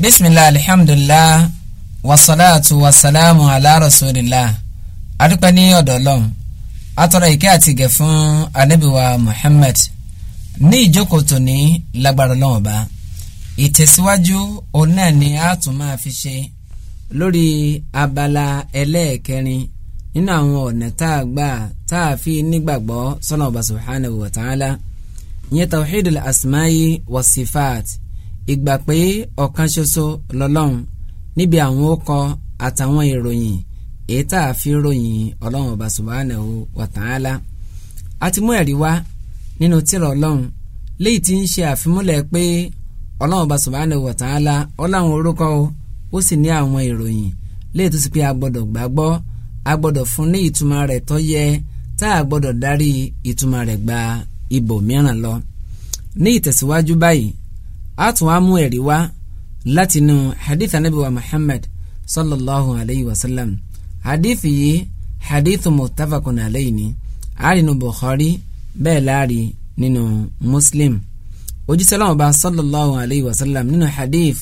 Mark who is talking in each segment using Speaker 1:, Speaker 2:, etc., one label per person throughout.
Speaker 1: bisimilah alihamdulilah wasalaatu wasalaamu ala rasulillah adúpẹ́ ní ọ̀dọ̀ Ọlọ́run atọrọ ìkẹ́ àti ìgẹ̀ fún anabiwa muhammed ní ìjókòó tòní lágbára Ọlọ́run ọba ìtẹ̀síwájú òun náà ni a tún máa fi ṣe lórí abala ẹlẹ́ẹ̀kẹrin nínú àwọn ọ̀nà tá a gbà tá a fi nígbàgbọ́ sọ́nà ọba subhanahu wa ta'ala ìyẹn tawhidul asmayi wa ìgbà pé ọ̀kan ṣoṣo lọ́lọ́run níbi àwọn ọkọ àtàwọn ìròyìn èyí tá a fi ròyìn ọlọ́run ọba subhanahu wa ta'ala a ti mú ẹ̀rí wá nínú tírà ọlọ́run léyìí tí ń ṣe àfimúlẹ̀ pé ọlọ́run ọba subhanahu wa ta'ala orúkọ o ó sì ní àwọn ìròyìn léyìí tó sì pé a gbọ́dọ̀ gbàgbọ́ a gbọ́dọ̀ fún ní ìtumọ̀ rẹ̀ tó yẹ tá a gbọ́dọ̀ darí ìtumọ̀ rẹ̀ gba ibòmíràn lọ ní ìtẹ̀síwájú báyìí a tún wá mú ẹ̀rí wá látinú hadith anabi wa muhammad sallallahu alayhi wa sallam hadith yìí hadith muttafaqun alayhi ni àárínú bukhari bẹ́ẹ̀ láàrí nínú muslim òjíṣẹ́ Ọlọ́hun bá sallallahu alayhi wa sallam nínú hadith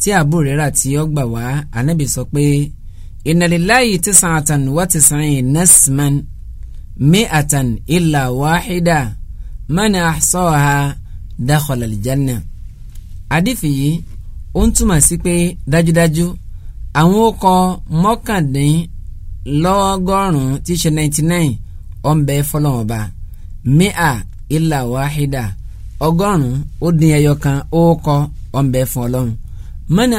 Speaker 1: tí Abu Hurairah tí ó gbà wá anabi sọ pé inna lillahi tis'atan wa tis'ina nasman mi'atan illa wahida man ahsaha dakhala al-janna. àdìfì yìí ó ń túmọ̀ sí pé dájúdájú àwọn okọ̀ mọ́kàndínlọ́gọ́rùn-ún tí í ṣe ninety nine ọ̀nbẹ fọlọ́mọba mia ilà wàhídà ọgọ́rùn-ún ó dín ẹyọ kan ókọ̀ ọ̀nbẹ fún ọlọ́run mọ́ni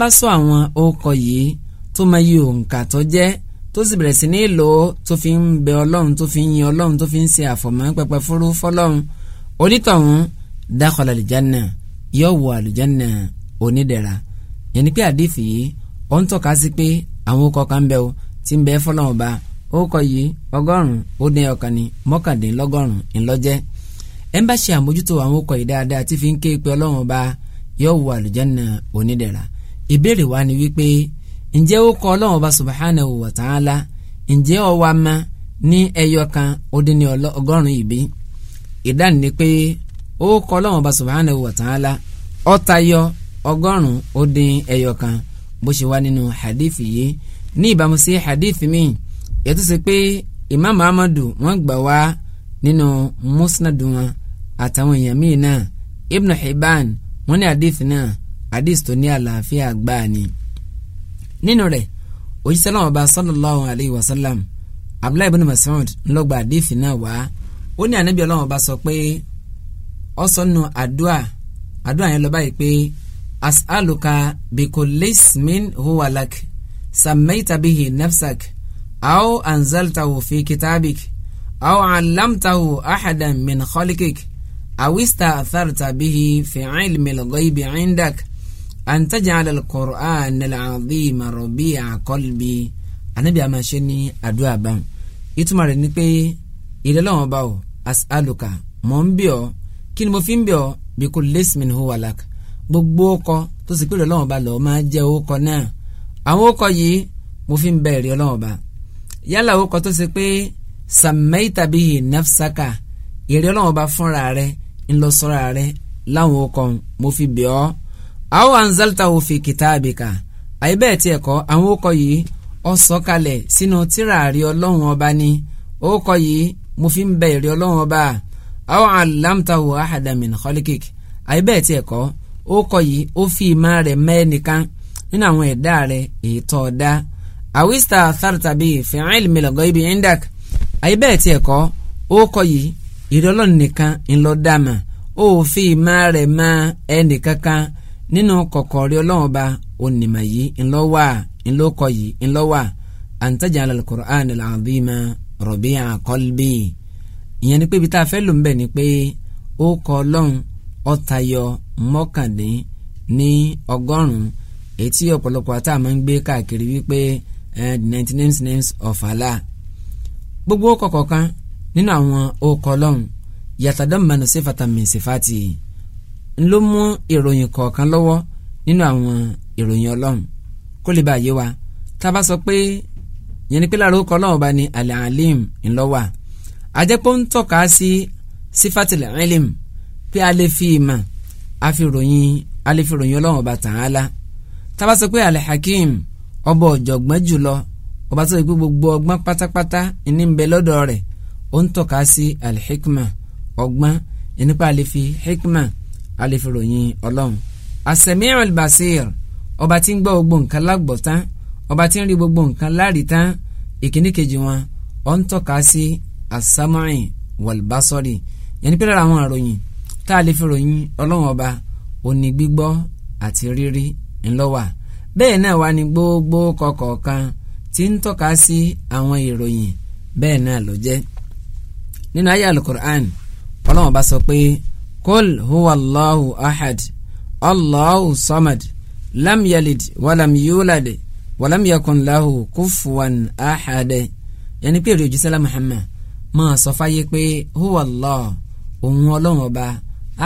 Speaker 1: bá sọ àwọn ókọ̀ yìí tó máa yí òǹkà tó jẹ́ tó sì bẹ̀rẹ̀ dákọ̀lá àlùjáná yóò wọ àlùjáná onídẹ̀ra yẹn ni pé àdìfì yìí ó ń tọ́ka sí pé àwọn okọ̀ kan bẹ́ẹ̀ o ti ń bẹ́ẹ̀ fọlọ́wọ́n ba okọ̀ yìí ọgọ́rùn-ún ó dín ọ̀kan ní mọ́kàndínlọ́gọ́rùn-ún ńlọ́jẹ́ ẹ̀ ń bá ṣe àmójútó àwọn okọ̀ yìí dáadáa tí fi ń ké pe ọlọ́wọ́n ba yóò wọ àlùjáná onídẹ̀ra ìbéèrè wa ni wípé ǹjẹ́ ó kọ ọlọ́run ọba subhanahu wa ta'ala ǹjẹ́ ọwa ma ní ẹyọ kan ó dín ní ọgọ́rùn-ún ìbí ìdáhùn ni pé ó kọ́ Ọlọ́run ọba subhanahu wa ta'ala ó tayọ ọgọ́rùn-ún ó dín ẹyọ kan bó ṣe wá nínú hadithi yìí ní ìbámu sí hadithi mi, yẹtù sí pé imam amadu wọ́n gbà wá nínú musnadu wọn àtàwọn èèyàn míì náà ibn hibban wọ́n ní hadith náà hadith tó ní àlàáfíà gbáà ni nínú rẹ̀ òjíṣẹ́ náà ọba sallallahu alayhi wa sallam abdullahi ibn mas'ud ńlọgba hadith náà wá ó ní ànábì Ọlọ́run ọba sọ pé ọsọnù àdúà àdúà yẹn lọ báyìí pé as'aluka bikolismin huwalak samaita bihi nafsak aw anzaltahu fi kitabik aw alamtahu axadan min khalikik awista atharta bihi fi cilmi lqaybi cindak an tajcala alqur'an alcazima rabica qalbi anabi a máa ṣe ní àdúà báwọn ìtumọ̀ rẹ̀ ni pé ìrẹ́lẹ̀ wọn as'aluka mọ̀ ń bí ọ kí ni mo fi ń bẹ̀ ọ́ bí kò lẹ́sìmìn hó wà gbogbo ọkọ tó sì pèrè ọlọ́wọ́n ba lọ́ọ́ máa jẹ́ ọkọ náà àwọn ọkọ yìí mo fi ń bẹ̀ rí ọlọ́wọ́n ba yálà ọkọ tó ṣe pé sàmẹ́ìtà bíi nafsaka èrè ọlọ́wọ́n ba fúnra rẹ ńlọsọ́ra rẹ láwọn ọkọ mo fi bẹ̀ ọ́ àwọn anzalta òfin kìtàbíkà àyè bẹ́ẹ̀ tiẹ̀ kọ́ àwọn ọkọ yìí ó sọ̀kalẹ̀ sínú tírà rí ọlọ́wọ́n ọba ni ọkọ yìí mo fi ń bẹ̀ rí ọlọ́wọ́n aw allamtahu ahada min khalikik àyè bẹ́ẹ̀ tiẹ̀ kọ́ ó kọ yìí ó fi ìmọ̀ rẹ̀ mẹ́ẹ̀nìkan nínú àwọn ẹ̀dá rẹ̀ ètò ọ̀dá àwísítà àtàràtà bíi fi ilmi al-ghaybi indak àyè bẹ́ẹ̀ tiẹ̀ kọ́ ó kọ yìí ìrọ̀lọ́ nìkan ńlọ́dàmà ó fi ìmọ̀ rẹ̀ mọ ẹnìkankan nínú kọ̀kọ̀rí ọlọ́run ba onímọ̀ yìí ńlọ́wà ńlọ́kọ yìí ńlọ́wà antaj'ala al-Qur'ana al-'azima rabi'a ìyẹn ni pé ibi tá a fẹ́ lò ń bẹ̀ ni pé ó kọ ọlọ́run ọ̀tayọ mọ́kàndín ní ọgọ́rùn-ún etí ọ̀pọ̀lọpọ̀ àtà máa ń gbé káàkiri wípé the ninety names names of Allah gbogbo ọkọ̀ kọ̀ọ̀kan nínú àwọn ọkọ̀ ọlọ́run yàtàdánmọ́nà sífàtà min sífàtì ló mú ìròyìn kọ̀ọ̀kan lọ́wọ́ nínú àwọn ìròyìn ọlọ́run kó lè bá yé wa tá a bá sọ pé yẹn ni pé láàárọ̀ ọkọ̀ ọlọ́run ọba ni Al-Alim ńlọ́wà ajẹ́pọ̀ ń tọ́ka sí sífàtìlẹ̀ ẹ̀lẹ́m pé a lè fi ìmọ̀ a fi ròyìn a lè fi ròyìn ọlọ́run ọba tààlà tá bá sọ pé Al-Hakim ọba ọ̀jọ̀gbọ́n jùlọ ọba tó yẹ pé gbogbo ọgbọ́n pátápátá ní ń bẹ lọ́dọ̀ rẹ̀ ó ń tọ́ka sí al-hikma ọgbọ́n nípa a lè fi hikma a lè fi ròyìn ọlọ́run as-Sami'u al-Basir ọba tí ń gbọ́ gbogbo nǹkan lágbọ̀ ọba tí ń rí gbogbo nǹkan láàrí tán ìkíní wọn ó ń tọ́ka sí asámọ́rìn wàlbásọ́rì yẹnni pé lára àwọn àròyìn tá a lè fi ròyìn ọlọ́run ọba òní gbígbọ́ àti rírí ńlọ́wà bẹ́ẹ̀ náà wà ní gbogbo kọ̀ọ̀kan tí ń tọ́ka sí àwọn ìròyìn bẹ́ẹ̀ náà ló jẹ́ nínú ayé alukur'an ọlọ́run ọba sọ pé kol huwa allahu ahad allahu samad lam yalid walam yulad walam yakun lahu kufuwan ahad yẹnni pé èrè muhammad máa sọ fáyé pé huwa Allah òun ọlọ́run ọba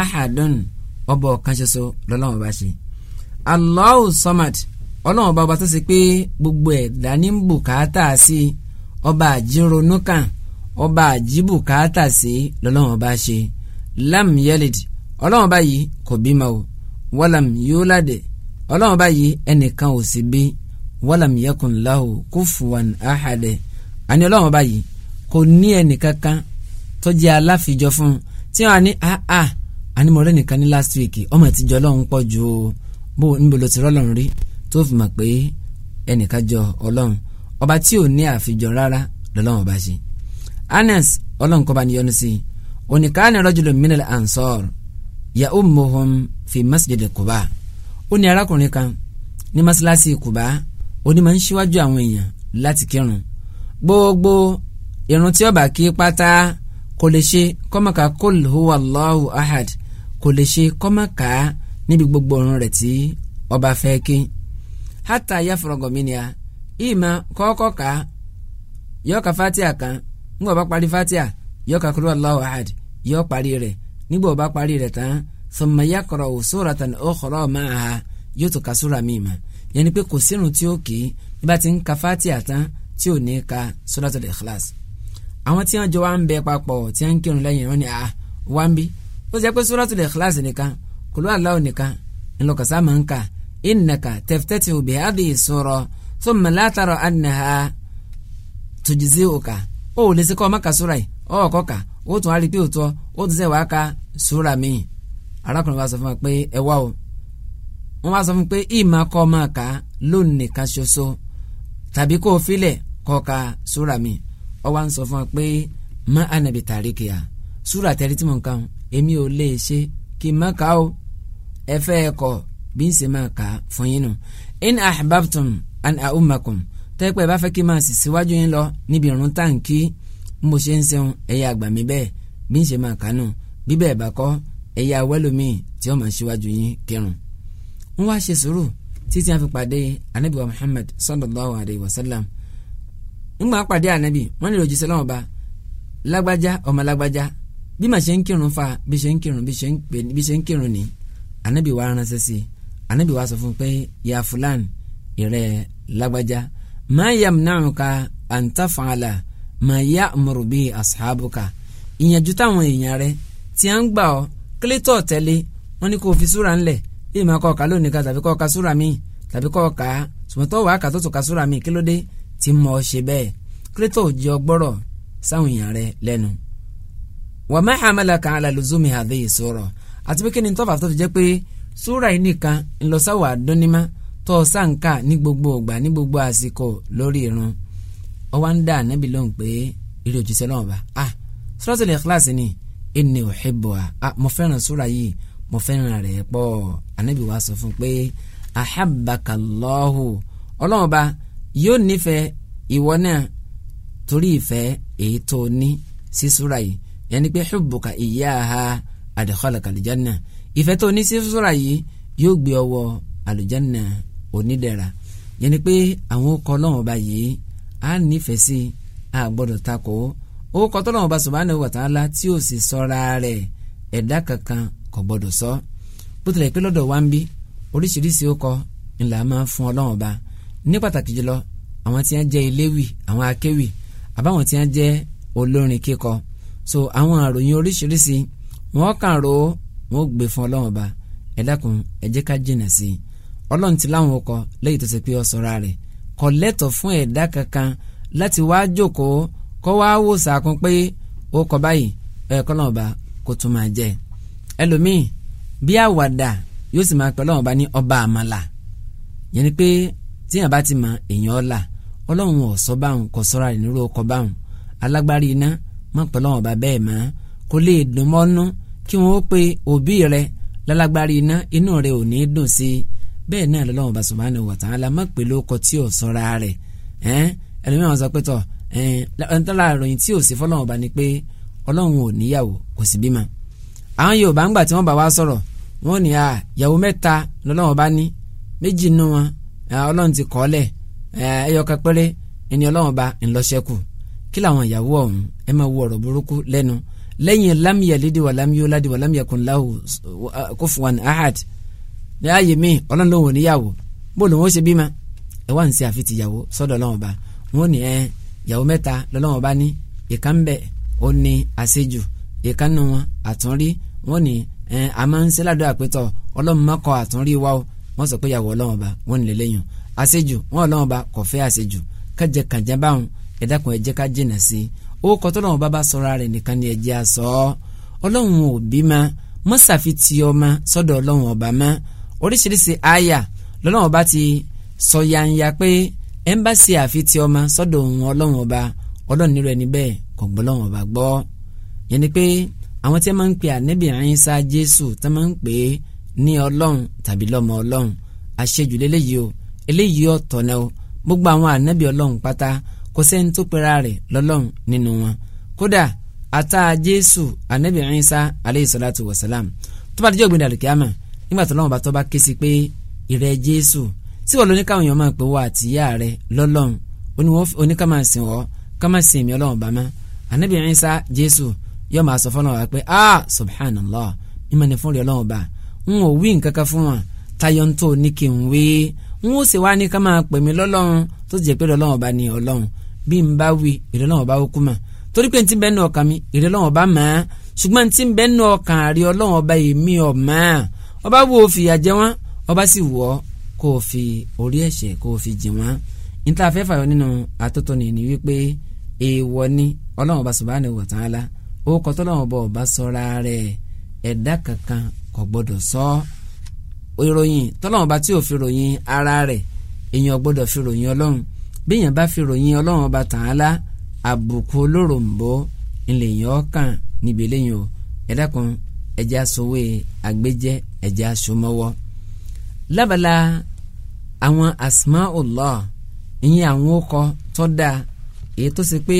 Speaker 1: ahadun ọba ọ̀kan ṣoṣo lọ́lọ́run ọba ṣe Allahu samad ọlọ́run ọba ọba tó ṣe pé gbogbo ẹ̀dá ní bùkátà sí ọba àjíronúkàn ọba àjíbùkátà sí lọ́lọ́run ọba ṣe lam yalid ọlọ́run ọba yìí kò bímọ o walam yulad ọlọ́run ọba yìí ẹnìkan ò sì bí walam yakun lahu kufuwan ahad àní ọlọ́run ọba yìí kò ní ẹnìkankan tó jẹ́ aláfijọ́ fún un tí wọ́n á ní ah ah ànímọ̀rẹ́ nìkan ní last week ọmọ ìtìjọ́ ọlọ́run pọ̀ ju bó níbo ló ti rọ́lọ́run rí tó fi mọ̀ pé ẹnìkan jọ ọlọ́run ọba tí ò ní àfijọ́ rárá lọ́lọ́run ọba ṣe anas ọlọ́run kọ́ bá ní yọ́nú sí i oníkàánì rọ́jùlọ minal ansor ya umuhum fi masjid kuba ó ní arákùnrin kan ní masilasi kuba ó ní máa ń ṣíwájú àwọn èèyàn láti kírun gbogbo irun tí ó bá kí pátá kò lè ṣe kọ́mọ̀ká kul huwa Allahu ahad kò lè ṣe kọ́mọ̀ká níbi gbogbo irun rẹ̀ tí ó fẹ́ kí hátà yáfọ̀rọ̀gọ̀ mi ìmọ̀ kọ́kọ́ ká yọ̀ọ́ka fatia kan nígbà bá parí fatia yọ̀ọ́ka kul huwa Allahu ahad yọ̀ọ́ parí rẹ̀ nígbà bá parí rẹ̀ tán thumma yaqra'u suratan ukhra ma'aha yóò tún ka sura míì ma yẹn ni pé kò sírun tí ó kì í bí bá ń ka fatia tán tí ò ní ka suratul ikhlas àwọn tí wọ́n jọ wá ń bẹ papọ̀ tí wọ́n ń kírun lẹ́yìn wọn ni à wá ń bí ó jẹ́ pé Suratul Ikhlas nìkan kulu Allahu nìkan ńlọkọ̀sá máa ń kà innaka taftatihu bi hadhihi sura thumma la tara annaha tujzi'uka ó lè sí kọ́ ọ mọ́ka sura yìí ọ̀ kọ́ ka ó tún á pé òótọ́ ó ti sẹ́ wàá ka sura míì arákùnrin wa sọ fún wa pé ẹ wá o wọ́n wá sọ fún mi pé ìmọ̀ kọ́ máa kà lónìí kan ṣoṣo tàbí kó o filẹ̀ kọ́ ka sura míì ó wá ń sọ fún wa pé má ànàbì tàríkì à súrà tẹ́rí tí mò ń kàn èmi ò lè ṣe kí n má kà ó ẹ fẹ́ ẹ kọ bí n ṣe máa kà á fún yín nù. in ahbabtum an aumakum tẹ́pẹ́ bá fẹ́ kí n máa sì síwájú yín lọ níbi ìrún táǹkì mo ṣe ń ṣeun ẹ̀yà àgbà mi bẹ́ẹ̀ bí n ṣe máa kà á nù bí bẹ́ẹ̀ bá kọ́ ẹ̀yà awẹ́lòmíì tí ó máa ṣíwájú yín kírun. ń wá ṣe sùúrù títí a fi pàdé anabiwa Muhammad sallallahu alayhi wa sallam ńgbà pàdé ànábì wọ́n lè òjíṣẹ́ lọ́wọ́ ba lágbájá ọmọ lágbájá bí màá ṣe ń kírun fa bí ṣe ń kírun bí ṣe ń kírun ni ànábì wa ránṣẹ́ sí i ànábì wa sọ fún pé ya fulan ìrẹ́ lágbájá máa yà mìnàrúnka àǹtàfàlà máa yà mọ̀rùbí àṣàbùkà ìyànjú táwọn èèyàn rẹ tí a ń gbà ọ́ kílétọ̀ tẹ́lẹ̀ wọ́n ní kó fi súra ńlẹ̀ bí màá kọ́ ọ̀ka lónìí ká tàbí kọ́ ọ̀ka súra míì tàbí kọ́ ọ̀ka sùmọ́tọ́ wàá kà tó tó ka súra míì kílódé tí mọ̀ ọ́ ṣe bẹ́ẹ̀ kírétò jẹ́ ọgbọ́rọ̀ sáwọn èèyàn rẹ lẹ́nu. wà má hamala kan ala luzumi hadhihi sura àti pé kí ni tọ́fà tó fi jẹ́ pé sura yìí nìkan ńlọsáwà dúnnímá tó sáǹkà ní gbogbo ìgbà ní gbogbo àsìkò lórí irun ọwọ́ ń dà níbi lóhùn pé eré òjíṣẹ́ náà bá a suratul ikhlas ni inni uhibbuha a mo fẹ́ràn sura yìí mo fẹ́ràn rẹ̀ pọ̀ ànábì wa sọ fún pé ahabbakallahu ọlọ́run yóò nífẹ̀ẹ́ ìwọ náà torí ìfẹ́ èyí tó ní sí súra yìí yẹnni pé hubbuka iyyaha adkhalaka aljanna ìfẹ́ tó ní sí súra yìí yóò gbé ọ wọ àlùjánnà onídẹ̀ra yẹnni pé àwọn ọkọ Ọlọ́run ọba yìí á nífẹ̀ẹ́ sí a gbọ́dọ̀ takò ó kọ́ tọ́lọ́run ọba subhanahu wa ta'ala tí ó sì sọ́ra rẹ̀ ẹ̀dá kankan kò gbọ́dọ̀ sọ bó tilẹ̀ pé lọ́dọ̀ wa ń bí oríṣiríṣi ó ńlá máa ń fún Ọlọ́run ọba ní pàtàkì jùlọ àwọn tí wọ́n jẹ́ eléwì àwọn akéwì àbáwọn tí wọ́n jẹ́ olórin kíkọ so àwọn àròyìn oríṣiríṣi wọ́n kàn ró wọ́n gbé fún ọlọ́run ọba ẹ dákun ẹ jẹ́ ká jìnà sí i ọlọ́run ti láwọn ọkọ lẹ́yìn tó ti pé ọ̀sọ́ra rẹ̀ kò lẹ́tọ̀ fún ẹ̀dá kankan láti wá jókòó kó wá wò sàkún pé ó kọ báyìí ẹ̀ kọ́ lọ́wọ́ bá tún máa jẹ ẹlòmíì bí àwàdà yóò sì máa pẹ́ lọ́wọ́ bá ní ọba àmàlà yẹn ni pé tíyàn bá ti mọ èèyàn ọ̀la ọlọ́run ọ̀sọ́ báwọn kò sọ́ra rẹ̀ nírú ọkọ̀ báwọn alágbárí iná má pẹ̀lú àwọn bẹ́ẹ̀ mọ́ kó lè dùn mọ́nú kí wọ́n ó pe òbí rẹ̀ lálágbárí iná inú rẹ̀ ò ní dùn sí i bẹ́ẹ̀ náà lọ́lọ́run ọba subhanahu wa ta'ala má pẹ̀lú ọkọ̀ tí ò sọ́ra rẹ̀ ẹlòmíràn sọ pé tọ̀ ẹ̀ńtọ́lá ìròyìn tí ò sí fọ́lọ́run ọba ọlọ́run ti kọ́ lẹ̀ ẹyọ kan péré ẹni ọlọ́run bá ńlọ́ṣẹ́kù kí làwọn ìyàwó ọ̀hún ẹ máa wo ọ̀rọ̀ burúkú lẹ́nu lẹ́yìn lámìyàlédè wà lámìyàládè wà lámìyàkùnláwò kófùwàn ahad ní ààyè mi ọlọ́run ló wọ̀ níyàwó bó ló wọ́n ṣe bímọ ẹ wá ń ṣe àfi tìyàwó sọ́dọ̀ ọlọ́run bá wọn ní ẹ ìyàwó mẹ́ta lọ́lọ́run bá ní ìka ń bẹ̀ ó ní àṣejù ìka nù wọn àtúnrí wọn ní ẹ àmọ́ ń ṣe ládùúgbò àpẹtọ̀ ọlọ́run mọ́kọ àtúnrí wa o wọ́n sọ pé ìyàwó ọlọ́run ọba wọ́n nílé lẹ́yìn àṣejù wọ́n ọlọ́run ọba kò fẹ́ àṣejù kájẹ kàjẹ báwọn ẹ̀dákun ẹ̀jẹ̀ ká jìnà sí ó kọ́ tọ́lọ́run ọba bá sọra rẹ̀ nìkan ni ẹ̀jẹ̀ àsọ ọlọ́run ò bí ma mọ́ sàfitì ọma sọ́dọ̀ ọlọ́run ọba ma oríṣiríṣi àyà lọ́lọ́run ọba ti sọ yanya pé ẹ̀ ń bá ṣe àfitì sọ́dọ̀ ọlọ́run ọba ọlọ́run nírọ̀ ẹni bẹ́ẹ̀ kò gbọ́ ọlọ́run ọba gbọ́ yẹn ni pé àwọn tí wọ́n máa ń pè ànábì Ìsá Jésù tí wọ́n máa ń pè é ní ọlọ́run tàbí lọ́mọ ọlọ́run àṣejù lélẹ́yìí o eléyìí ọ̀tọ̀ náà o gbogbo àwọn ànábì ọlọ́run pátá kò sẹ́ni tó pera rẹ̀ lọ́lọ́run nínú wọn kódà ata jésù ànábì Ìsá aleyhi salatu wa salam tó bá dijọ́ gbẹ̀dẹ̀ àlùkìyàmà nígbà tó lọ́wọ́ bá tọ́ bá ké sí pé ìrẹ́ jésù tí wọ́n lóní káwọn èèyàn máa pè wọ́n àtìyá rẹ̀ lọ́lọ́run oníkà máa sìn wọ́ ká máa sìn mí ọlọ́run bá ànábì Ìsá jésù yóò máa sọ fọ́nà wá pé ah subhanallah mímọ́ ni fún rẹ̀ ọlọ́run bá n ò wí nǹkan kan fún wọn tayọ ń tó ní kí n wí n ó sì wá ní ká máa pè mí lọ́lọ́run tó jẹ́ pé lọ́lọ́run ọba ni ọlọ́run bí n bá wí ìrẹ́lọ́run ọba ó kú mà torí pé n ti bẹ́ẹ̀ nù ọkàn mi ìrẹ́lọ́run ọba mà á ṣùgbọ́n n ti bẹ́ẹ̀ nù ọkàn àrí ọlọ́run ọba èmi ọ̀mà ọba wo fìyà jẹ wọn ọba sì wọ kó o fi orí ẹ̀ṣẹ̀ kó o fi jì wọn níta fẹ́ fàyọ nínú atótó ni ni wípé èèwọ̀ ni ọlọ́run ọba subhanahu wa ta'ala ó kọ́ tọ́lọ́run ẹ̀dá kankan kò gbọ́dọ̀ sọ ìròyìn tọ́lọ́run bá tí ò fi ròyìn ara rẹ̀ èèyàn gbọ́dọ̀ fi ròyìn ọlọ́run bí èèyàn bá fi ròyìn ọlọ́run ọba tààlà àbùkù olóròǹbó ńlẹ̀yìn ọkàn níbi eléyìí o ẹ̀dẹ́kun ẹ̀jẹ̀ asòwe àgbẹ̀jẹ̀ ẹ̀jẹ̀ asòmọ́wọ́ lábala àwọn asmaullah ìyẹn àwọn okọ tó dáa èyí tó ṣe pé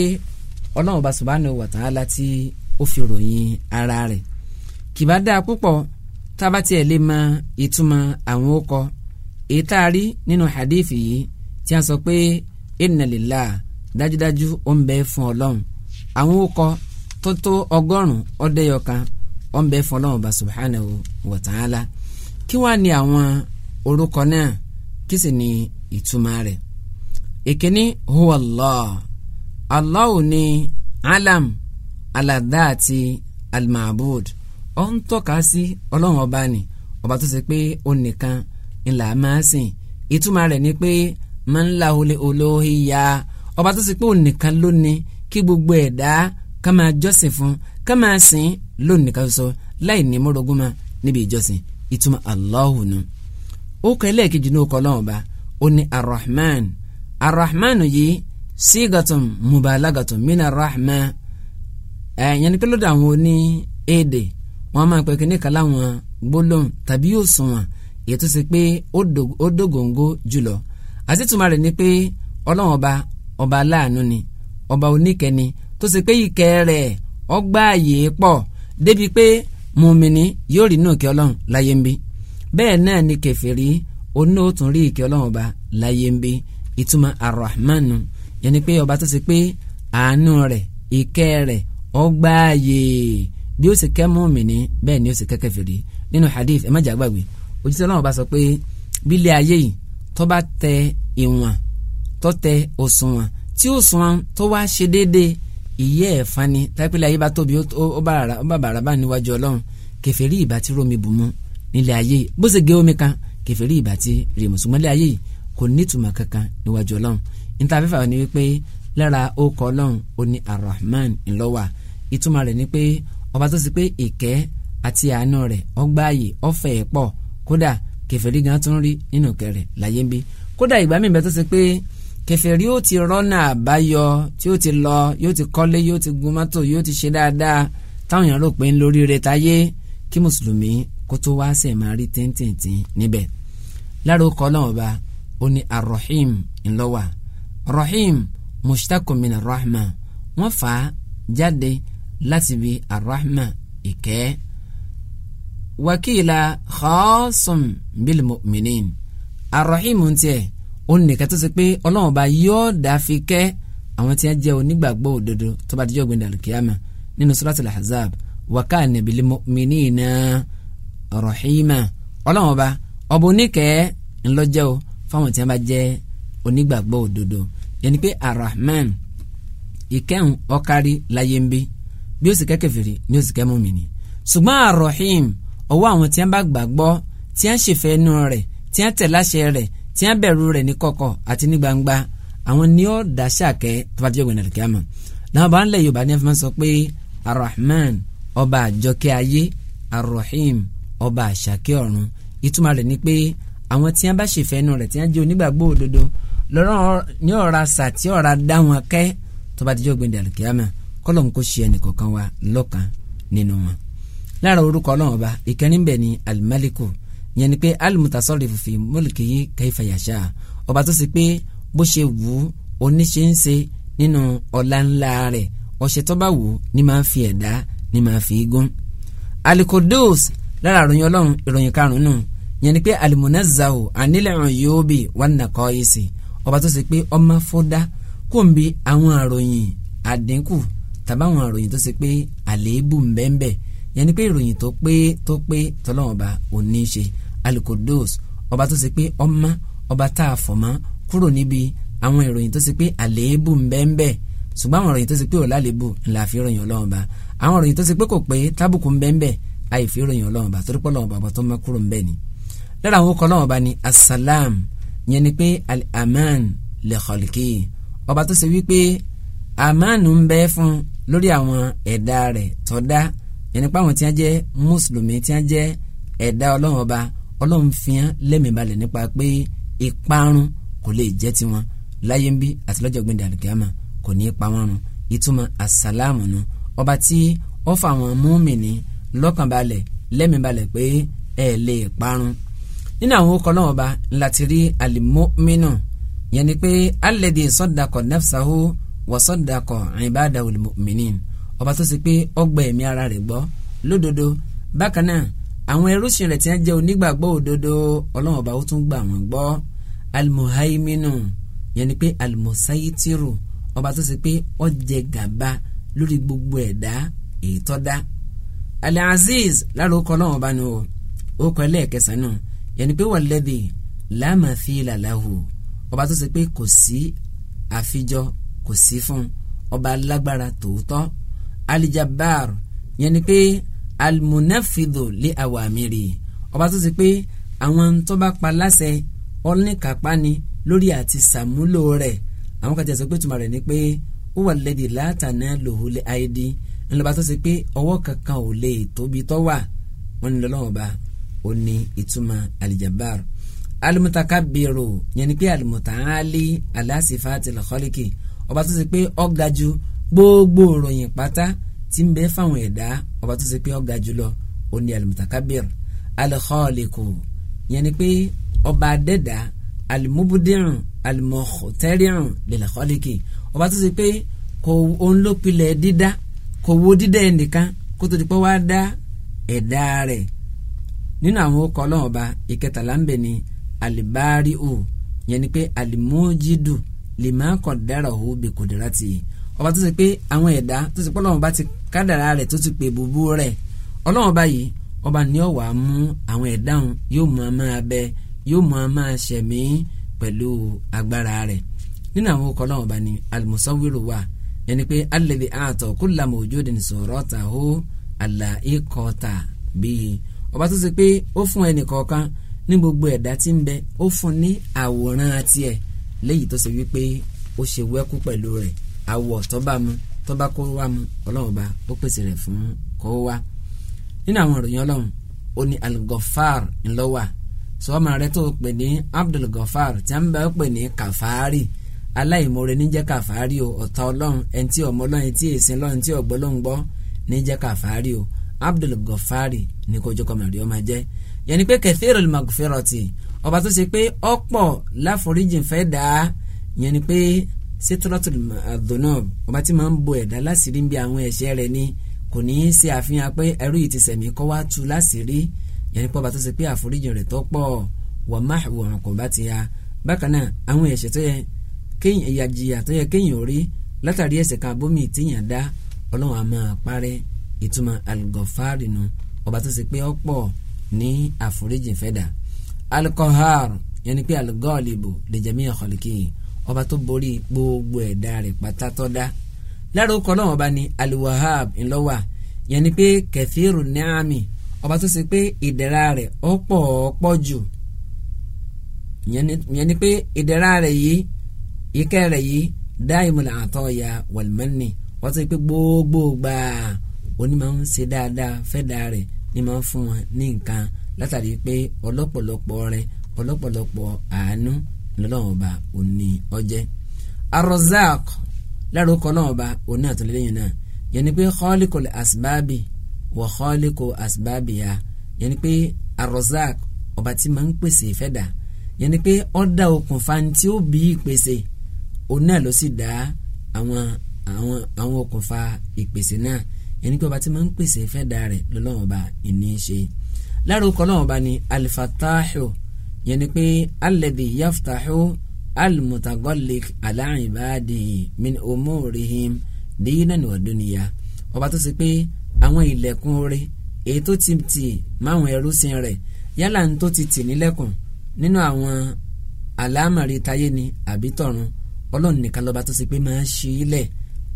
Speaker 1: ọlọ́run ọba subhanahu wa ta'ala tí ó fi ròyìn ara rẹ̀ kìbá dáa púpọ̀ tába tiẹ̀ lè mọ ìtumọ̀ àwọn okọ èyí tá a rí nínú hadith yìí tí a sọ pé inna lillah dájúdájú ó ń bẹ fún ọlọ́run àwọn okọ tó tó ọgọ́rùn-ún ọ̀dẹ́yọkan ó ń bẹ fún ọlọ́run ọba subhanahu wa kí wàá ní àwọn orúkọ náà kí sì ní ìtumọ̀ rẹ̀ ìkíní huwa allah ni alam aladaati almabud al ọ ń tọ́ka sí ọlọ́run ọba ni ọba tó ṣe pé ó nìkan ńlá máa sìn ìtumọ̀ rẹ̀ ni pé máa ń la olè olóhìyà ọba tó ṣe pé ó nìkan lónìí kí gbogbo ẹ̀dá ká máa jọ́sìn fún ká máa sìn lónìí ká sọ láì ní mọ́rọ̀gún ma níbi ìjọsìn ìtumọ̀ Allahu nu ó kọ ẹlẹ́ẹ̀kejì ní ọkọ̀ ọlọ́run ọba ó ní arahman arahman yìí sígàtún mubalagatun mina rahma ẹ̀yẹn ni pé lọ́dọ̀ àwọn oní èdè wọ́n máa pẹ́ kínní kan láwọn gbólóhùn tàbí òṣùwọ̀n èyí tó ṣe pé ó dògóńgó jùlọ àtìtúmọ̀ rẹ̀ ni pé ọlọ́run ọba ọba aláàánú ni ọba oníkẹni tó ṣe pé ìkẹ́ rẹ̀ ọgbà ààyè pọ̀ débi pé mùmìnì yóò rí inú ìkẹ́ ọlọ́run láyé ń bí bẹ́ẹ̀ náà ni kẹfìrí onóòtún rí ìkẹ́ ọlọ́run ọba láyé ń bí ìtumọ̀ arahmanu yẹn pé ọba tó ṣe pé àánú rẹ̀ ìkẹ́ rẹ̀ ọgbà ààyè bí ó sì kẹ́ mùmíní bẹ́ẹ̀ ni ó sì kẹ́ kèfèrí nínú hadith ẹ má jà gbàgbé òjíṣẹ́ Ọlọ́run bá sọ pé bílẹ̀ ayé yìí tó bá tẹ ìwọ̀n tó tẹ òṣùwọ̀n tí òṣùwọ̀n tó wá ṣe déédéé ìyẹ́ ẹ̀fán ni tápẹ́lẹ́ ayé bá tóbi ó bá bàrà bá níwájú Ọlọ́run kèfèrí ìbá tí rómi bù mú nílẹ̀ ayé yìí bó ṣe gé omi kan kèfèrí ìbá tí rè mùsùlùmọ́lẹ̀ ayé yìí kò nítumọ̀ kankan níwájú Ọlọ́run níta fífà ni wípé lára ó kọ Ọlọ́run ó ní arahman rahman ńlọ́wà ìtumọ̀ rẹ̀ ni pé ọba tó sì pé ìkẹ́ àti àánú rẹ̀ ọgbáàyè ọ̀fẹ́ ẹ̀ pọ̀ kódà kẹfẹ́rí gan tún rí nínú kẹrẹ̀ láyé ń bí kódà ìgbà míì bẹ́ẹ̀ tó ṣe pé kẹfẹ́rí yóò ti rọ́nà àbáyọ tí yóò ti lọ yóò ti kọ́lé yóò ti gun mọ́tò yóò ti ṣe dáadáa táwọn èèyàn rò pé ń lórí rẹ̀ táyé kí mùsùlùmí kó tó wá sẹ̀ máa rí tẹ́ńtẹ́ńtẹ́ níbẹ̀ lára náà ọba ó ní arrohim ńlọ́wà rohim mushtakumina rahma wọ́n fà á jáde láti bi arahma ìkẹ́ wakila khasum bil mu'minin arahim tiẹ̀ òun nìkan tó ṣe pé ọlọ́run bá yóò dáfi kẹ́ àwọn tí a jẹ́ onígbàgbọ́ òdodo tó bá dijọ́ gbẹ̀dẹ̀ alukiyama nínú suratul ahzab wakana bil mu'minina rahima ọlọ́run ọba ọba oníkẹ́ ńlọ́jẹ́ o fáwọn tí a bá jẹ́ onígbàgbọ́ òdodo yẹn pé arahman ìkẹ́hùn ọ̀kárí láyé ń bí bí ó sì kẹ́ kèfèrí ni ó sì kẹ́ mùmínì ṣùgbọ́n àròhìm ọwọ́ àwọn tí wọ́n bá gbàgbọ́ tí wọ́n ṣèfẹ́ inú rẹ̀ tí wọ́n tẹ̀ rẹ̀ tí wọ́n bẹ̀rù rẹ̀ ní kọ̀kọ̀ àti ní gbangba àwọn ni ó dá ṣàkẹ́ tó bá jẹ́ ògbìn àdìkẹ́ àmọ́ làwọn bá ń lẹ̀ yorùbá ní ẹ̀fọ́ sọ pé arahman ọba àjọkẹ́ ayé arahim ọba àṣàkẹ́ ọ̀run ìtumọ̀ rẹ̀ ni pé àwọn tí wọ́n bá ṣèfẹ́ inú rẹ̀ tí wọ́n jẹ́ onígbàgbọ́ òdodo lọ́rọ̀ ní ọ̀ra sà ọ̀ra dá wọn kẹ́ tó bá ti jẹ́ ògbìn àdìkẹ́ kọ́lọ́n kó ṣe ẹnìkọ̀ọ̀kan wa lọ́kan nínú wọn. lára orúkọ ọlọ́run ọba ìkẹ́ni ń bẹ ní alimaliku yẹn ni pé alimutasọ́rìfù fi mọ́lìkì yìí kẹfà yàṣà ọba tó ṣe pé bó ṣe wù ú oníṣe ń ṣe nínú ọlá ńlá rẹ̀ ọ̀ṣẹ̀ tó bá wù ú ní máa fi ẹ̀dá ní máa fi gún. alikodus lára ìròyìn ọlọ́run ìròyìn karùn-ún yẹn ni pé alimunazawo anilẹ̀rùn yóò bì wọn nàkọ́ yìí sí ọba tó ṣe pé ọmọ tàbáwọn ìròyìn tó ṣe pé àléébù ńbẹ́ńbẹ́ yẹn ni pé ìròyìn tó pé tó pé tọ́lọ́wọ́n ọba ò ní í ṣe alikodos ọba tó ṣe pé ọmọ ọba tá a fọ̀ mọ́ kúrò níbi àwọn ìròyìn tó ṣe pé àléébù ńbẹ́ńbẹ́ ṣùgbọ́n àwọn ìròyìn tó ṣe pé òlàlébù ńlá fi ròyìn ọlọ́run ọba àwọn ìròyìn tó ṣe pé kò pé tábùkù ńbẹ́ńbẹ́ àìfi ròyìn ọlọ́run ọba torí pé aman lẹ́kọ̀ọ́lìkì lórí àwọn ẹ̀dá rẹ̀ tó dá ẹni pé àwọn tí wọ́n jẹ́ mùsùlùmí tí wọ́n jẹ́ ẹ̀dá ọlọ́run ọba ọlọ́run fìyàn lẹ́mìí balẹ̀ nípa pé ìparun kò lè jẹ́ tiwọn láyé ń bí àti lọ́jọ́ gbẹ̀dẹ̀ àlùkìyàmà kò ní í pa wọ́n run ìtumọ̀ àsálàmù nu ọba tí ó fà wọn múmìnì lọ́kàn balẹ̀ pé ẹ̀ lè parun nínú àwọn okọ̀ ọlọ́run ọba láti rí àlìmọ́mínà yẹn ni pé alẹ́dẹ̀ wasadakọ ibada olùmọ̀mìnín ọba tó ṣe pé ọgbà ẹ̀mí ara rẹ̀ gbọ́ lódodo bákan náà àwọn ẹrúsìn rẹ̀ tí wọ́n jẹ́ onígbàgbọ́ òdodo ọlọ́run ọba ó tún gbà wọ́n gbọ́ alimuhaiminu yẹn ni pé alimusaitiru ọba tó ṣe pé ó gàba lórí gbogbo ẹ̀dá ètò dá alaziz lára ó kọ́ ọlọ́run ọba nù ó kọ́ ẹlẹ́ẹ̀kẹsàn-án nù yẹn ni pé wàlẹ́dì lámàfíìlà láhù ọba tó ṣe pé kò sí àfijọ́ kò sí fún ọba alágbára tòótọ́ alijabar yẹn ni pé almunafido lé awamiri ọba tó ti pé àwọn tó bá pa láṣẹ ọlọ́nìkàpá ni lórí àti sàmúlò rẹ̀ àwọn kan ti sọ pé tùmọ̀ rẹ̀ ni pé ó wà lẹ́dí látàná lòhùlẹ̀ àìdí ńlọba tó ṣe pé ọwọ́ kankan ò lè tóbi tọ́ wà wọ́n ní lọ́lọ́wọ́ bá ó ní ìtumọ̀ alijabar alimutakabiru yẹn ni pé alimutaali alasifati lakọliki. Al ọba tó ṣe pé ọ̀gá ju gbogbo ìròyìn pátá tí ń bẹ fáwọn ẹ̀dá ọba tó ṣe pé ọ̀gá jù lọ ó ní alimutakabir alikọ́ọ̀lẹ́kù yẹn ni pé ọba adẹ́dá alimubudirun alimọ̀tẹ́rìrun lẹ́lẹ́kọ́ọ̀lẹ́kì ọba tó ṣe pé kò òun dídá kò wo dídá ẹnìkan kó tó di pé wàá dá ẹ̀dá rẹ̀ nínú àwọn okọ̀ ọlọ́run ìkẹtàlá ń bẹ ní alibariu yẹn ni pé alimojidu lè máa kọ̀ dára òhù bí kò dára tì í ọba tó ṣe pé àwọn ẹ̀dá tó ṣe pé ọlọ́run bá ti kádàrá rẹ̀ tó ti pè búbú rẹ̀ ọlọ́run báyìí ọba ní ọ̀wà mú àwọn ẹ̀dá òun yóò mú a máa yóò mú a máa pẹ̀lú agbára rẹ̀ nínú àwọn ọkọ̀ ọlọ́run ọba ni alimusawiru wa yẹni pé alẹ́bi àtọ̀ kúlàmù òjòdì sọ̀rọ̀ ta ó àlà ikọ̀ ta bíi ọba tó ṣe pé ó fún ẹnì kọ̀ọ̀kan ní gbogbo ẹ̀dá tí ń bẹ ó fún ní àwòrán tiẹ̀ léyìí tó ṣe wípé ó ṣe wẹ́kú pẹ̀lú rẹ̀ àwọ̀ tọ́ba mu tọ́ba kó wá mu ọlọ́run ọba ó pèsè rẹ̀ fún kó wá nínú àwọn ìròyìn ọlọ́run ó ní alugofar ńlọ́wà sọ́ọ́mà rẹ̀ tó pè ní abdulgofar tí a ń bá pè ní kàfárì aláìmoore níjẹ́ kàfárì o ọ̀tá ọlọ́run ẹni tí ọmọ ọlọ́run tí èsì ọlọ́run tí ọ̀gbọ́ ló ń gbọ́ níjẹ́ kàfárì o abdulgofari ní kójú kọ́ màrí ọmọ jẹ́ yẹn pé kẹfẹ́rẹ́ magufẹ́rọ̀tì ọba tó ṣe pé ọ̀pọ̀ láforíjìn fẹ́ dá yẹn ni pé sétúrọ́tù àdùnnà ọba tí máa ń bo ẹ̀dá láṣìírí bí àwọn ẹ̀ṣẹ̀ rẹ̀ ni kò ní í ṣe àfihàn pé ẹrú yìí ti ṣẹ̀mí kọ́ wá tu láṣìírí yẹn ni pé ọba tó ṣe pé àforíjìn rẹ̀ tó pọ̀ wọ́n má wọ̀ràn kò bá ti ya bákan náà àwọn ẹ̀ṣẹ̀ tó yẹ kéyìn ìyàjìyà tó yẹ kéyìn ò rí látàrí ẹ̀ṣẹ̀ kan abómi tíyàn dá ọlọ́run á parẹ́ ìtumọ̀ algọfárinu ọba tó ṣe pé ọ̀pọ̀ ní àforíjìn fẹ́ dà alikọhar yẹni pé aligọ́ọ̀lìbò lèjẹ̀mí ọ̀kọ̀lìkì ọba tó borí gbogbo ẹ̀dá rẹ̀ pátátọ́dá lára ó kọ́ náà ọba ni aliwahab ńlọ́wà yẹni pé kẹfìrù nàámi ọba tó ṣe pé ìdẹ̀ra rẹ̀ ó pọ̀ pọ̀ jù yẹni pé ìdẹ̀ra rẹ̀ yìí ìkẹ́ rẹ̀ yìí dáìmùlà àtọ́ya wàlmánì wọ́n ti pé gbogbo gbà òní ń ṣe dáadáa fẹ́ dáa rẹ̀ ni máa ń fún wọn ní nǹkan látàrí pé ọlọ́pọ̀lọpọ̀ rẹ ọlọ́pọ̀lọpọ̀ àánú lọ́lọ́wọ́n ọba òní ọjẹ́ arozak lárúkọ náà ọba òní àtúndínlẹ́yìn náà yẹn ni pé khaliqul asbabi wa khaliqu asbabiya yẹn ni pé arozak ọba tí máa ń pèsè fẹ́dà yẹn ni pé ọ̀dà okùnfà tí ó bí ìpèsè òun náà ló dá àwọn àwọn àwọn okùnfà ìpèsè náà yẹn ni pé ọba tí máa ń pèsè fẹ́dà rẹ̀ lọ́lọ́wọ́n ọba ìní ṣe lárúkọ náà bá ní alifatahu yẹn ni pé alẹ́dì yaftahu almutagolik aláìbáde min omorihim dinan wa dunya ọba tó ṣe pé àwọn ilẹ̀kùn oore èyí tó ti tì máwọn ẹrú sin rẹ̀ yálà ní tó ti tì nílẹ̀kùn nínú àwọn àlámàrí táyé ni àbí tọ̀run ọlọ́run nìkan lọ́ba tó ṣe pé máa ṣí ilẹ̀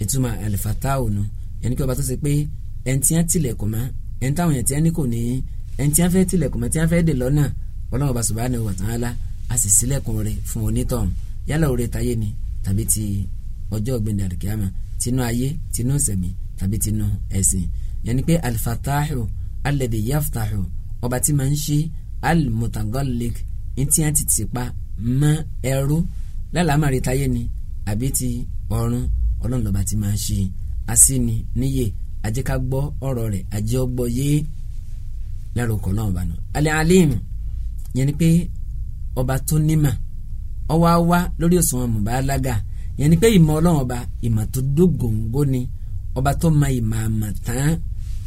Speaker 1: ìtumọ̀ àlìfàtà ònu ẹni pé ọba tó ṣe pé ẹni tí wọ́n tilẹ̀kùn mọ́ ẹni táwọn yẹn ti ẹni kò ní ẹni tí wọ́n fẹ́ tilẹ̀kùn mọ́ tí wọ́n fẹ́ dè lọ́nà ọlọ́run bá subhanahu wa ta'ala a sì ṣílẹ̀kùn rẹ̀ fún onítọ̀hún yálà oore tayé ni tàbí ti ọjọ́ ọ̀gbìndà àdìkíyàmà tinú ayé tinú sẹ̀mí tàbí tinú ẹ̀sìn yẹn ni pé alifatahu alẹ́dẹ̀ yaftahu ọba tí máa ń ṣe almutagalik ntí a ti ti pa mọ́ ẹrú lálàámàrí tayé ni àbí ti ọ̀run ọlọ́run lọ́ba tí máa ń ṣe asíni níyè ajẹ́ká gbọ́ ọ̀rọ̀ rẹ̀ ajẹ́ ọgbọ́ yéé lẹ́rù kọ́ náà bá nù. alẹ́ alim yẹn ni ọba tó nímà ọwọ́ á wá lórí òṣùwọ̀n mùbálágà yẹn ni pé ọba ìmọ̀ tó ọba tó ma ìmọ̀ ma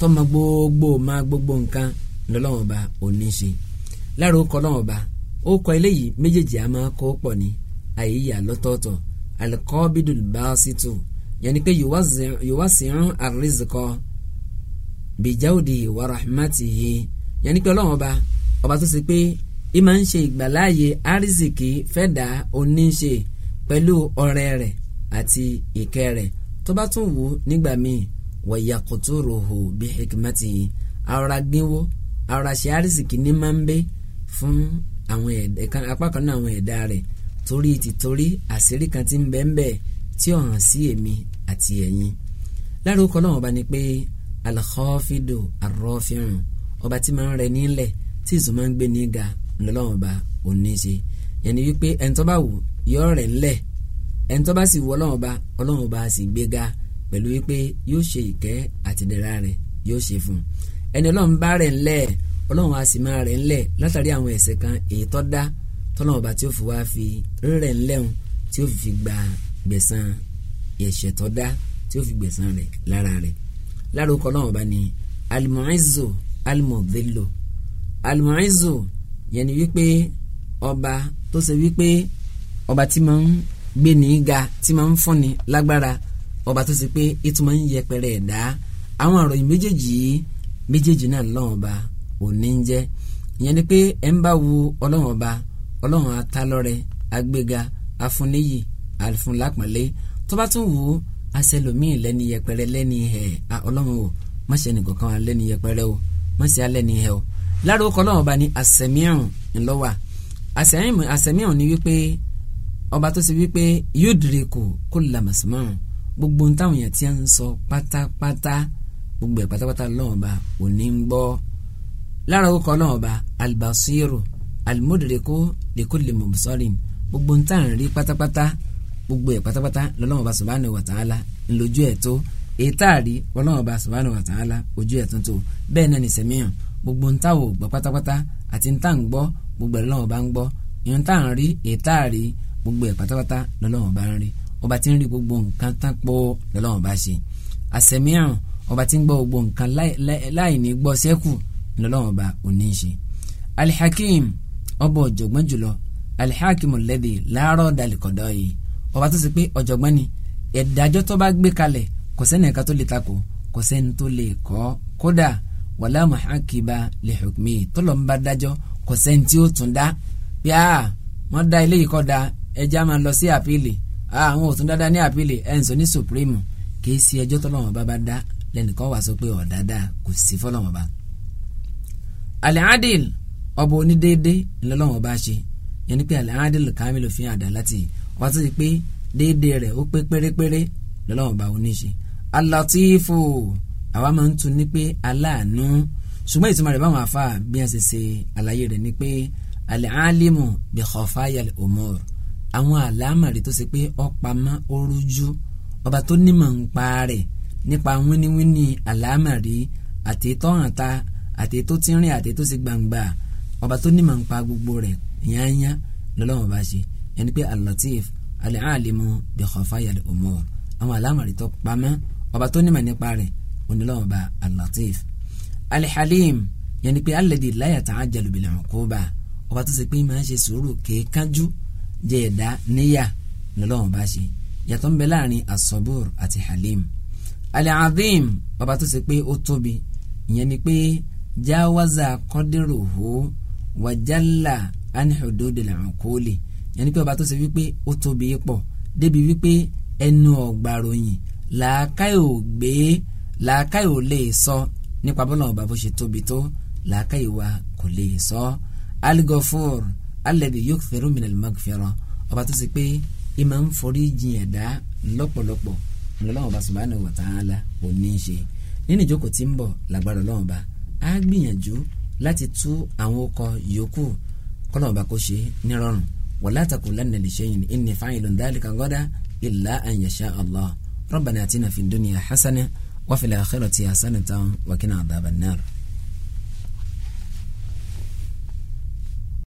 Speaker 1: gbogbo ma gbogbo nǹkan lọ́lọ́run ọba ò ní ṣe lẹ́rù kọ́ ọba a máa kó pọ̀ ní àyíyá lọ́tọ̀ọ̀tọ̀ alikọ́bidul baasitu yẹni pé yẹnni pé ọlọ́run ọba ọba tó ṣe pé ẹ máa ń ṣe ìgbàláàyè àrísìkì fẹ́dà oníṣe pẹ̀lú ọrẹ rẹ̀ àti ìkẹ́ rẹ̀ tó bá tún wù ú nígbà míì wọ̀yà kò tó ròhò bí hekimati ara gbinwo ara ṣe àrísìkì ní máa ń bẹ fún àwọn ẹ̀ka apá kan náà àwọn ẹ̀dá rẹ̀ torí ti torí àṣírí kan ti ń bẹ ń tí ó hàn sí èmi àti ẹ̀yin lárúkọ náà ọba ni pé alakọ́fídò arọ́fíìrùn ọba tí máa ń rẹ nílẹ̀ tí ìsún máa ń gbé ní ga lọ́lọ́run ọba òní ṣe yẹn ni wípé ẹni tó bá wù yóò rẹ̀ ńlẹ̀ ẹni tó bá sì wù ọlọ́run ọba ọlọ́run ọba sì gbé ga pẹ̀lú wípé yóò ṣe ìkẹ́ àtìdẹ̀ra rẹ̀ yóò ṣe fún un ẹni ọlọ́run bá rẹ̀ ńlẹ̀ ọlọ́run á sì máa rẹ̀ ńlẹ̀ látàrí àwọn ẹ̀ṣẹ̀ kan èyí tó dá tọ́lọ́run ọba tí ó fi wá fi rírẹ̀ ńlẹ́hun tí ó fi gba gbẹ̀san ẹ̀ṣẹ̀ tó dá tí ó fi gbẹ̀san rẹ̀ lára rẹ̀ lárúkọ ọlọ́run ọba ni alimuizu alimọ̀délò alimọ̀ẹ́zù yẹn ni wípé ọba tó ṣe wípé ọba tí máa ń gbé ní ga tí máa ń fúnni lágbára ọba tó ṣe pé ètò máa ń yẹpẹrẹ ẹ̀dá àwọn àròyìn méjèèjì yìí méjèèjì náà lọ́wọ́n ọba òní ń jẹ́ ìyẹn ni pé ẹ̀ ń bá wo ọlọ́wọ́n ọba ọlọ́wọ́n atálọ́rẹ agbéga afúnníyì àfúnlápọ̀nlé tó bá tún wò ó aṣẹlòmíì lẹ́ni yẹpẹrẹ lẹ́ni ẹ̀ ọlọ́wọ́n o má ṣe nìkan kan lẹ́ni yẹpẹrẹ o mọ̀sí alẹ́ ní ẹ̀ o lára orúkọ ọlọ́run ọba ní àsẹ̀míọ̀n ńlọ́wà àsẹ̀míọ̀n ni wípé ọba tó ṣe wípé yóò dìre kù kó làmàsímọ́ gbogbo táwọn èèyàn ti ń sọ pátápátá gbogbo ẹ̀ pátápátá ọlọ́run ọba ò ní ń gbọ́ lára orúkọ ọlọ́run ọba albasiru almudiriko likuli mubsorin gbogbo táwọn rí pátápátá gbogbo ẹ̀ pátápátá lọ́lọ́run ọba subhanahu wa ta'ala ẹ̀ tó ètàrí ọlọ́run ọba subhanahu wa ta'ala ojú ẹ̀ tuntun bẹ́ẹ̀ náà ní sẹ́míyàn gbogbo ń táwọ̀ gbọ́ pátápátá àti ń tà ń gbọ́ gbogbo ẹ̀ lọ́wọ́ bá ń gbọ́ ìyọ̀n tá à ń rí ètàrí gbogbo ẹ̀ pátápátá lọ́wọ́ bá ń rí ọba tí ń rí gbogbo nǹkan tán pọ̀ lọ́wọ́ bá ṣe àsẹ̀míyàn ọba tí ń gbọ́ gbogbo nǹkan láì gbọ́ sẹ́kù lọ́wọ́ ọba ọ̀jọ̀gbọ́n kò sẹ́ni ẹ̀ka tó lè takò kò sẹ́ni tó lè kọ́ kódà wàlá muhakiba lè hukmi tọ́lọ̀ ń bá dájọ́ kò sẹ́ni tí ó tún dá bí a wọ́n dá eléyìí kọ́ da ẹja máa lọ sí àpìlì àwọn òtún dáadáa ní àpìlì ẹ̀ ń sọ ní supreme kì í sí ẹjọ́ tọ́lọ̀ wọn bá bá dá lẹ́nìkan wàá sọ pé ọ̀dáadáa kò sí fọ́lọ́wọn bá. al-adil ọba onídéédé ńlọ́lọ́wọ́n bá ṣe yẹn ni pé al-adil kamilu fi hàn dá láti wọ́n ti pé déédéé rẹ̀ ó pé pérépéré lọ́lọ́wọ́n bá oníṣe alatifu àwa máa ń tu ní pé aláàánú ṣùgbọ́n ìtumọ̀ rẹ̀ báwọn afa bí wọ́n ṣe ṣe àlàyé rẹ̀ ni pé al-alimu bi khafaya al-umur àwọn àlámàrí tó ṣe pé ọ̀pamọ́ orújú ọba tó nímọ̀ ń paarẹ̀ nípa wíníwíní àlámàrí àti tọ́hàntà àti tó tínrín àti tó ṣe gbangba ọba tó nímọ̀ ń pa gbogbo rẹ̀ yányá lọ́lọ́wọ́n bá ṣe yẹn pé al-latif al-alimu bi khafaya al-umur tó pamọ́ ọba tó nímọ̀ nípa rẹ̀ onílọ́wọ́n ba Al-Latif Al-Halim yẹni pé alladhi la yata'ajjalu bil-'uquba ọba tó ṣe pé máa ń ṣe sùúrù kéékánjú jẹ ẹ̀dá níyà lọ́lọ́wọ́n bá ṣe yàtọ̀ ń bẹ láàrin asọ́bùr àti Halim Al-Azim ọba tó ṣe pé ó tóbi ìyẹn pé jáwáza qadruhu wàjálà anihudodil uquli yẹn ni pé ọba tó ṣe wípé ó tóbi pọ̀ débi wípé ẹnu ọ̀gbàròyìn làákàyè ò gbé làákàyè ò lè sọ nípa bọ́lá ọba bó ṣe tóbi tó làákàyè wa kò lè sọ aligọfur alẹ́dẹ̀ yóò fẹ́rù mí nàlẹ́ magfẹ́rọ ọba tó ṣe pé ìmọ̀ ń forí jin ẹ̀dá lọ́pọ̀lọpọ̀ ńlọ́wọ́n ọba subhanahu wa ta'ala ò ní í ṣe nínú ìjókòó tí ń bọ̀ làgbára ọlọ́wọ́n ba á gbìyànjú láti tú àwọn ọkọ̀ yòókù kọ́lọ́wọ́n ba kó ṣe nírọ̀rùn ربنا اتنا في الدنيا حسنه وفي الاخره حسنه وقنا عذاب النار